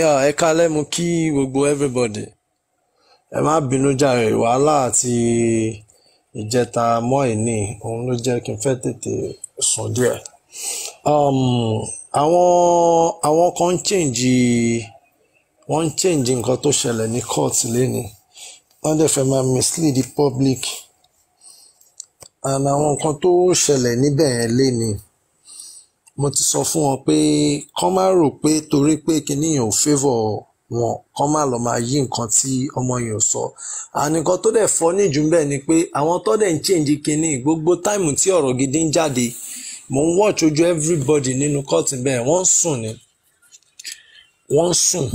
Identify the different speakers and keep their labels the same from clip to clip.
Speaker 1: yà ẹ kálẹ̀ mú kí gbogbo everybody ẹ má bínú jàre wàhálà àti ìjẹta mọ́ ìní òun ló jẹ́ kí n fẹ́ tètè sùn díẹ̀ um, àwọn àwọn kan ń change wọ́n ń change nǹkan tó ṣẹlẹ̀ ní court lẹ́ni wọ́n dẹ̀ fẹ́ máa mislead the public and àwọn nǹkan tó ṣẹlẹ̀ níbẹ̀ yẹn lẹ́ni mo ti sọ fún wọn pé kán má rò pé torí pé kinní yẹn ò favour wọn kán má lọ máa yí nǹkan tí ọmọ yẹn ò sọ ànìkan tó dẹ̀ fọ́ níjù ń bẹ̀ ni pé àwọn tó dẹ̀ ń change kinní gbogbo táìmù tí ọ̀rọ̀ gidi ń jáde mò ń watch ojú everybody nínú kọ́ọ̀tì bẹ́ẹ̀ wọ́n ń sùn ni wọ́n ń sùn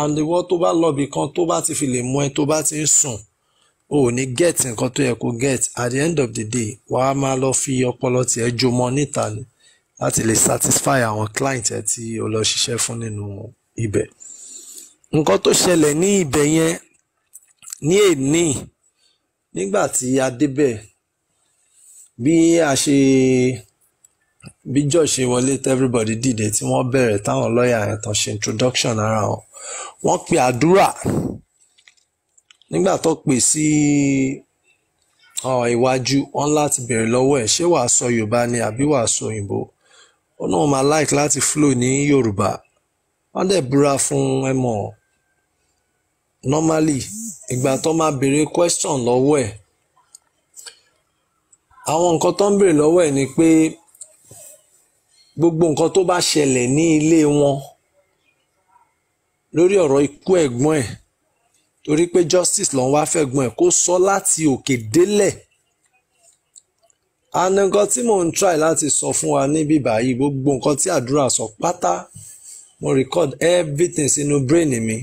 Speaker 1: and ìwọ tó bá lọ bìkan tó bá ti fi lè mú ẹ tó bá ti ń sùn o ò ní get nǹkan tó yẹ kó get at the end of the day wàá máa lọ fi ọpọlọ tiẹ̀ jomọ níta ni láti lè satisfy àwọn client ẹ tí o lọ ṣiṣẹ́ fún nínú ibẹ̀. nǹkan tó ṣẹlẹ̀ ní ibẹ̀ yẹn ní èní nígbà tí a débẹ̀ bí a ṣe bí George ṣe wọlé tí everybody dìde tí wọ́n bẹ̀rẹ̀ táwọn lọ́ọ̀yà yẹn tán ṣe introduction ara wọn wọ́n pe àdúrà nígbà tó pè sí iwájú wọn láti bèrè lọ́wọ́ ẹ̀ ṣé wàá sọ Yorùbá ni àbí wàá sọ òyìnbó ó náà máa like láti flow ní yorùbá wọ́n dẹ̀ búra fún ẹ mọ̀ normally ìgbà tó máa béèrè question lọ́wọ́ ẹ̀ àwọn nǹkan tó ń béèrè lọ́wọ́ ẹ̀ ni pé gbogbo nǹkan tó bá ṣẹlẹ̀ ní ilé wọn lórí ọ̀rọ̀ ikú ẹ̀gbọ́n ẹ̀ torí pé justice lòun wá fẹ́ gbọ́n ẹ̀ kó sọ láti òkè délẹ̀ and nǹkan tí mò ń try láti sọ fún wa níbí báyìí gbogbo nǹkan tí àdúrà sọ pátá mo record everything sínú brain mi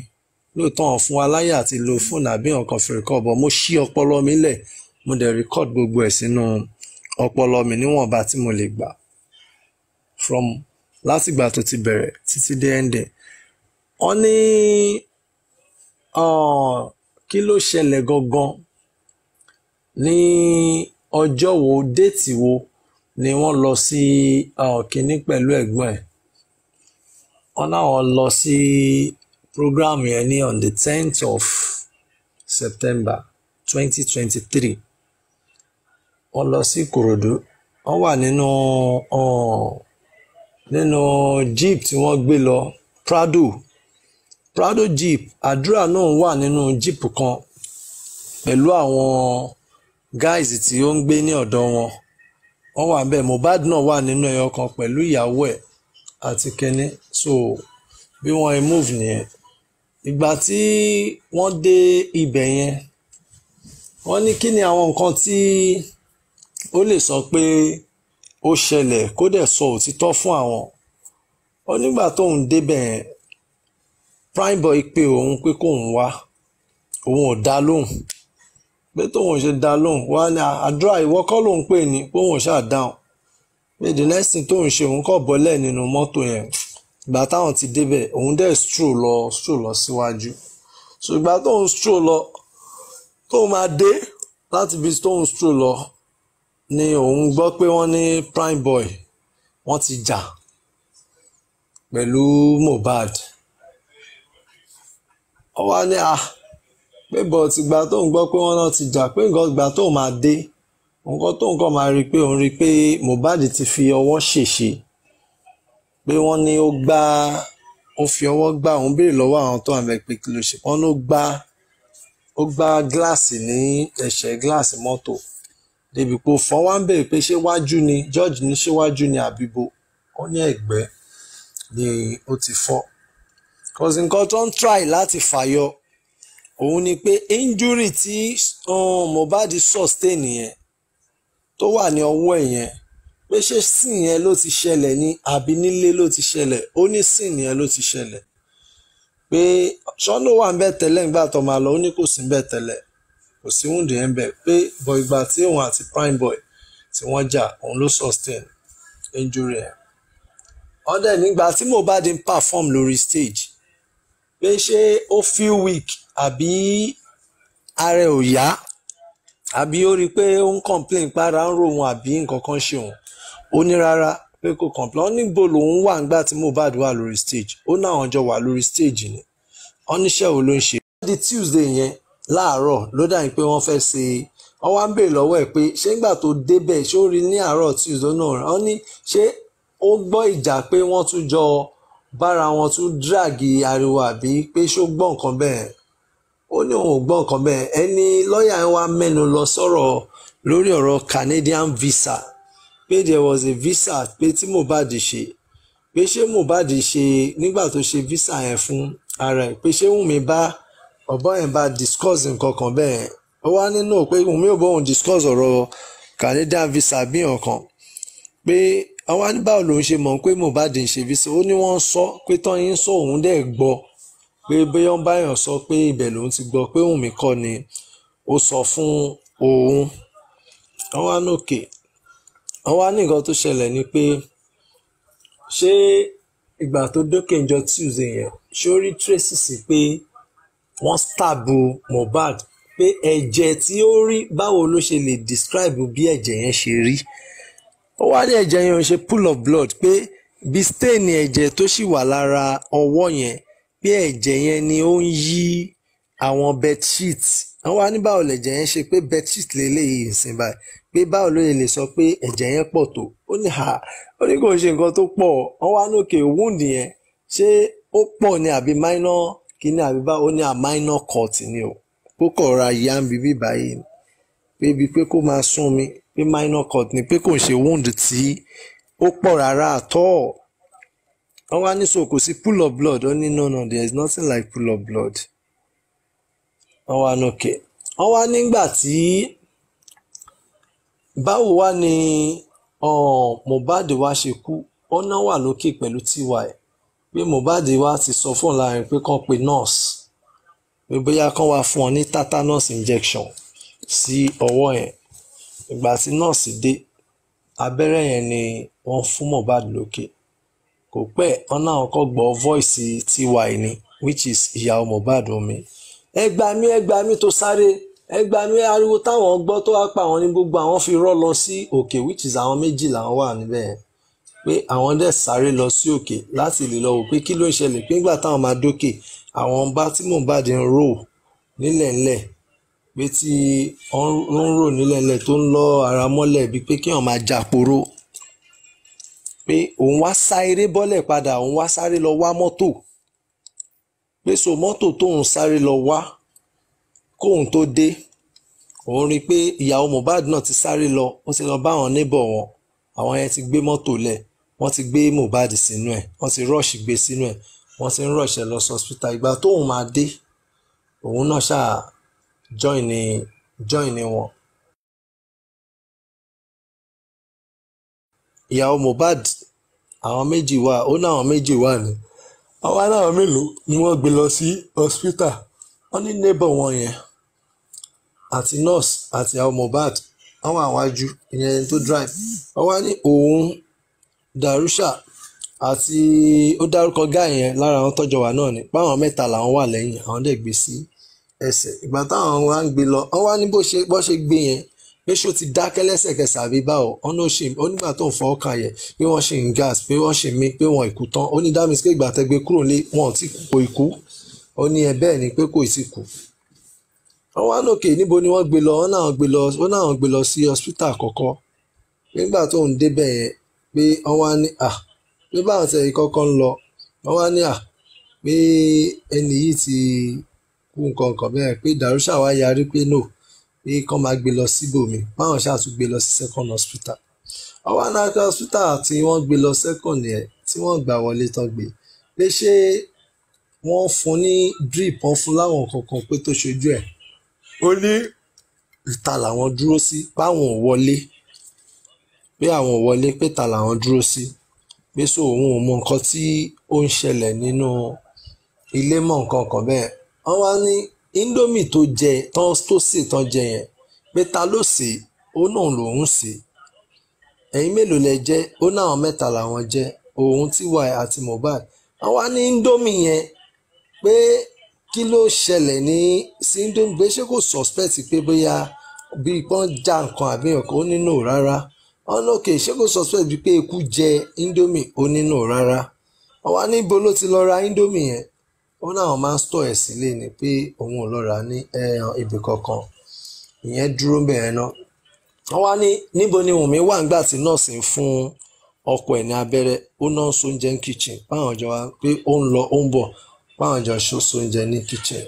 Speaker 1: lóòótọ́ hàn fún wa láyé àti lo fóònù àbí nǹkan fi record but mo ṣí ọpọlọ mi lẹ̀ mo dẹ̀ record gbogbo ẹ̀ sínú ọpọlọ mi níwọ̀nba tí mo lè gbà from látìgbà tó ti bẹ̀rẹ̀ títí dé ending wọ́n ní kí ló ṣẹlẹ̀ gangan ní ọjọ́ wo déètì wo ni wọ́n lọ sí kínní pẹ̀lú ẹ̀gbọ́n ẹ̀ wọ́n náwọn lọ sí program yẹn ní on the tenth of September twenty twenty three wọ́n lọ sí Ìkòròdú wọ́n wà nínú nínú jeep tí wọ́n gbé lọ Prado Prado jeep àdúrà náà wà nínú jeep kan pẹ̀lú àwọn guys tí ó ń gbé ní ọ̀dọ̀ wọn wọ́n wà níbẹ̀ Mohbad náà wà nínú ẹyọ kan pẹ̀lú ìyàwó ẹ̀ àti kẹ́ni so bí wọ́n ẹ move nìyẹn ìgbà tí wọ́n dé ibẹ̀ yẹn wọ́n ní kí ni àwọn nǹkan tí ó lè sọ pé ó ṣẹlẹ̀ kó dẹ̀ sọ òtítọ́ fún àwọn ó nígbà tóun débẹ̀ yẹn Primeboy pé òun pé kóun wá òun ò dá lóhùn pé tóun ṣe dá lóhùn wá ní àdúrà ìwọ kọ́ lòun pè ní póun ṣáà dáhùn pé the next thing tóun ṣe òun kọ̀ bọ́lẹ̀ nínú mọ́tò yẹn ìgbà táwọn ti débẹ̀ òun dẹ̀ stroll lọ stroll lọ síwájú so ìgbà tóun stroll lọ tóun máa dé láti ibi tóun stroll lọ ni òun gbọ́ pé wọ́n ní prime boy wọ́n ti jà pẹ̀lú Mohbad ó wá ní ah pé bọ̀t ìgbà tó ń gbọ́ pé wọ́n náà ti jà pé nǹkan ìgbà tó máa dé nǹkan tó nǹkan máa rí i pé òun rí i pé Mohbad ti fi ọwọ́ ṣèṣe pé wọ́n ní ó gbá ó fi ọwọ́ gbá òun béèrè lọ́wọ́ àwọn tó àmì pé kí ló ṣe wọ́n ló gbá ó gbá gíláàsì ní ẹ̀ṣẹ̀ gíláàsì mọ́tò débi pé fọ́n wá ń béèrè pé ṣé wájú ni George ní ṣé wájú ni àbíbo ó ní ẹ̀gbẹ́ ni ó ti fọ́ kò sí tó ń try láti fàyọ òun ni pé injury tí um, Mohbad sustain yẹn tó wà ní ọwọ́ ẹ̀ yẹn pé ṣé sìn yẹn ló ti ṣẹlẹ̀ ní àbí nílé ló ti ṣẹlẹ̀ ó ní sìn yẹn ló ti ṣẹlẹ̀ pé ṣọ́nà wà ń bẹ̀ tẹ́lẹ̀ nígbà tó máa lọ ó ní kò sí ń bẹ̀ tẹ́lẹ̀ kò sí wúndì ẹ̀ ń bẹ̀ pé bọ̀ ìgbà tí òun àti prime boy tí wọ́n jà òun ló sustain injury ẹ̀ ọ̀dẹ̀ nígbà tí Mohbad ń perform lórí stage pé ṣé ó feel weak àbí ara ẹ̀ ò yá àbí ó rí i pé ó ń complain pé ara ń rò òun àbí nǹkan kan ṣe òun ó ní rárá pé kò complain ó ní bo lòun wà nígbà tí Mohbad wà lórí stage ó náà àwọn jọ wà lórí stage ni wọ́n níṣẹ́ wo ló ń ṣe. di Tuesday yẹn láàárọ̀ ló dà ní pé wọ́n fẹ́ ṣe wọ́n wá ń béèrè lọ́wọ́ ẹ̀ pé ṣé nígbà tó débẹ̀ ṣé ó rí ní àárọ̀ Tuesday náà wọ́n ní ṣé ó gbọ́ ìjà pé wọ́n tún jọ bára wọn tún dragi ariwo àbí pé ṣó gbọ́ nǹkan bẹ́ẹ̀ ó ní òun ò gbọ́ nǹkan bẹ́ẹ̀ ẹni lọ́ọ̀yà wa mẹ́nu lọ sọ̀rọ̀ lórí ọ̀rọ̀ Canadian visa pé there was a visa pé tí Mohbad ṣe pé ṣé Mohbad ṣe nígbà tó ṣe visa yẹn fún ara ẹ̀ pé ṣé Wùnmí bá ọ̀bọ yẹn bá discuss nǹkan kan bẹ́ẹ̀ ó wá nínú pé Wùnmí ò bóun discuss ọ̀rọ̀ Canadian visa bí ọ̀kan pé àwọn àníbáwò lòún ṣe mọ̀ pé Mohbad ń ṣe visa ó ní wọ́n sọ pé tán sọ òun dẹ̀ gbọ́ pé bóyá ń báyàn sọ pé ibẹ̀ lòun ti gbọ́ pé Wùnmí kọ́ ni ó sọ fún òun wọ́n wá nókè wọ́n wá ní nǹkan tó ṣẹlẹ̀ ni pé ṣé ìgbà tó dókè ńjọ́ Tuesday yẹn ṣé ó rí tracy sí pé wọ́n stab Mohbad pé ẹ̀jẹ̀ tí ó rí báwo ló ṣe lè describe bí ẹ̀jẹ̀ yẹn ṣe rí ó wá ní ẹ̀jẹ̀ yẹn ṣe pool of blood pé bí stain ẹ̀jẹ̀ tó sì wà lára ọwọ́ yẹn pé ẹ̀jẹ̀ yẹn ni ó ń yí àwọn bedsheet wọ́n wá ní báwo lẹ̀jẹ̀ yẹn ṣe pé bedsheet lélẹ́yìí ìsìn báyìí pé báwo ló lè sọ pé ẹ̀jẹ̀ yẹn pọ̀ tó ó ní ha ó ní kò ṣe nǹkan tó pọ̀ wọ́n wá ní òkè wound yẹn ṣé ó pọ̀ ni àbí minor kíní àbí báwo ní à ah, minor cut ni o kó kọ̀ọ̀ra ìyá ń bíbí báyìí pé ibi pé kó máa sún mi pé minor cut ni pé kò ń ṣe wound tí ó pọ̀ rárá àtọ́ọ̀ wọ́n wá ní so sí pool of blood wọ́n ní no no there is nothing like pool of blood wọ́n wá ní okay wọ́n wá nígbà tí báwo wá ni Mohbad wá ṣe kú ọ̀nà wà lókè pẹ̀lú ty pé Mohbad wá ti sọ fún láàrin pé kàn pé nurse pé bóyá kàn wá fún ọ ní tatanus injection sí ọwọ́ yẹn ìgbà tí nurse dé abẹ́rẹ́ yẹn ni wọ́n fún Mohbad lókè. Okay kò pẹ́ ọ náà gbọ́ voice tiwa ni which is ìyàwó Mohbad omi ẹ gbà mí ẹ gbà mí tó sáré ẹ gbà mí ariwo táwọn gbọ́ tó wá pa àwọn ní gbogbo àwọn fi rọ́ lọ sí òkè which is àwọn méjì làwọn wà níbẹ̀ pé àwọn dẹ̀ sáré lọ sí òkè láti lè lọ wò pé kí ló ń ṣẹlẹ̀ pé nígbà táwọn máa dókè àwọn bá tí Mohbad ń rò nílẹ̀ ńlẹ̀ pé tí ó ń rò nílẹ̀ ńlẹ̀ tó ń lọ ara mọ́lẹ̀ bíi pé kí wọ́n máa jà poró pé òun wá sá eré bọ́lẹ̀ padà òun wá sáré lọ wá mọ́tò pé so mọ́tò tóun sáré lọ wá kóun tó dé òun rí i pé ìyàwó Mohbad náà ti sáré lọ ó ti lọ bá àwọn níbọ̀ wọn àwọn yẹn ti gbé mọ́tò lẹ̀ wọ́n ti gbé Mohbad sínú ẹ̀ wọ́n ti rọ́ọ̀ṣì gbé sínú ẹ̀ wọ́n ti ń rọ́ọ̀ṣì ẹ̀ lọ sọ́spítà ìgbà tóun máa dé òun náà ṣáà join ni wọn ìyàwó Mohbad àwọn méjì wà ó ní àwọn méjì wà ní àwọn aláwọ̀ mélòó ni wọ́n gbé lọ sí hospital wọ́n ní neighbor wọn yẹn àti nurse àti ìyàwó Mohbad àwọn àwájú ìyẹn tó drive wọ́n wá ní òun Darusha àti ó dárúkọ gáà yẹn lára àwọn tọ́jọ wà náà ni páwọn mẹ́ta làwọn wà lẹ́yìn àwọn dẹ̀ gbé sí ẹsẹ̀ ìgbà táwọn wá ń gbé lọ wọ́n wá ní bó ṣe gbé yẹn pé ṣó ti dákẹ́ lẹ́sẹ̀kẹsẹ̀ àbí báwo ọ̀nà òṣì onígbà tó ń fọ ọkà yẹ pé wọ́n ṣe ń gas pé wọ́n ṣe mí pé wọ́n ìkú tán ó ní dámì sí pé ìgbà tẹ́gbẹ́ kúrò lé wọn ti kò ìkú ó ní ẹ bẹ́ẹ̀ ni pé kò sí kú. wọ́n wá lókè níbo ni wọ́n gbé lọ wọ́n náà gbé lọ wọ́n náà gbé lọ sí hospital àkọ́kọ́ nígbà tó ń débẹ̀ yẹn pé wọ́n wá ní à pé báwọn tẹ̀ kọ́kọ́ ń lọ wọ́n wá ní à pé kán máa gbé lọ síbòmí báwọn ṣáà tún gbé lọ sí second hospital ọwọ́ anaka hospital tí wọ́n gbé lọ second yẹn tí wọ́n gbà wọlé tán gbé pé ṣé wọ́n fún ní drip wọ́n fún láwọn kankan pé tó ṣojú ẹ̀ ó ní ìta làwọn dúró sí báwọn wọlé pé àwọn wọlé pé ta làwọn dúró sí pé so òun ò mọ nǹkan tí ó ń ṣẹlẹ̀ nínú ilé mọ̀ nǹkan kan bẹ́ẹ̀ wọ́n wá ní Indomi tó jẹ tán tó sè tán jẹ yẹn pé ta ló sè ó náà lòún sè ẹ̀yin mélòó lẹ jẹ́ ó náà mẹ́ta làwọn jẹ́ òun Tiwa àti Mohbad àwa ní indomie yẹn pé kí ló ṣẹlẹ̀ ní sí indomie pé ṣé kò suspect pé bóyá bí pọ́n já nǹkan àbí nǹkan ó nínú rárá ọ̀nà ṣé kò suspect bíi pé eku jẹ indomie ó nínú rárá àwa níbo ló ti lọ ra indomie yẹn ó láwọn máa ń store ẹ̀ sílé ni pé òun ò lọ rà ní ibì kankan ìyẹn dúró bẹ́ẹ̀ náà wọ́n wá ní níbo ni Wùnmí wà nígbà tí nọ́ọ̀sì ń fún ọkọ ẹ̀ ní abẹ́rẹ́ ó náà so oúnjẹ ní kitchen báwọn jọ wá pé ó ń lọ ó ń bọ̀ báwọn jọ so so oúnjẹ ní kitchen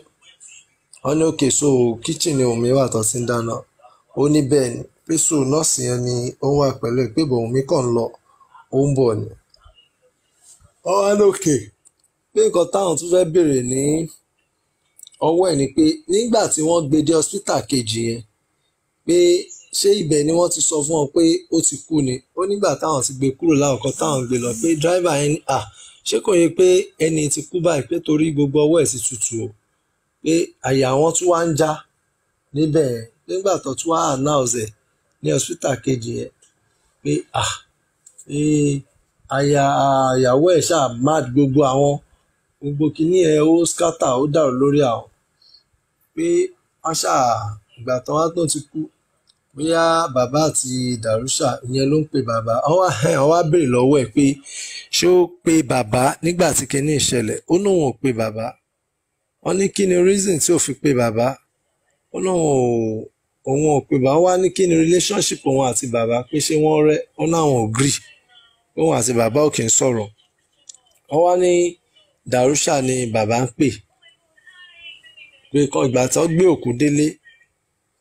Speaker 1: wọ́n ní òkè so kitchen ni Wùnmí wà tó ti ń dáná ó ní bẹ́ẹ̀ ni pé so nọ́ọ̀sì yẹn ni ó wà pẹ̀lú ẹ̀ pé bọ̀ Wùnmí kàn ń lọ ó ń bọ̀ ni wọ́n wá ní òkè pé nǹkan táwọn tún fẹ́ẹ́ béèrè ní ọwọ́ ẹ̀ ni pé nígbà tí wọ́n gbé dé hospital kejì yẹn pé ṣé ibẹ̀ ni wọ́n ti sọ fún ọ pé ó ti kú ni ó nígbà táwọn ti gbé kúrò láwùkọ táwọn gbé lọ pé dráìvà yẹn ni à ṣé kò yẹ pé ẹni ti kú báyìí pé torí gbogbo ọwọ́ ẹ̀ sì tutù o pé àyà wọn tún wá ń já níbẹ̀ nígbà tó tún wá announce ẹ̀ ní hospital kejì yẹn pé à àyà àyàwó ẹ̀ ṣáà mad gbogbo àwọn gbogbo kinní ẹ̀ ó ṣákátá ó dàrú lórí àwọn pé wọ́n ṣáà ìgbà tán wá tó ti kú bóyá bàbá àti dàrúṣà ìyẹn ló ń pe bàbá àwọn wá béèrè lọ́wọ́ ẹ̀ pé ṣé ó pe bàbá nígbà tí kinní ìṣẹ̀lẹ̀ ó lóun ò pe bàbá wọ́n ní kí ni reason tí ò fi pe bàbá ó lóun ò òun ò pe bàbá wá ní kí ni relationship òun àti bàbá pé ṣé wọ́n rẹ́ wọ́n láwọn ò gree òun àti bàbá ò kì í sọ̀rọ̀ wọ́n wá ní dàrúṣà ni bàbá ń pè pé ìgbà tó gbé òkú délé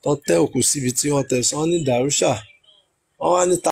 Speaker 1: tó tẹ́ òkú síbi tí wọ́n tẹ̀ sọ́n ní dàrúṣà wọ́n wá níta.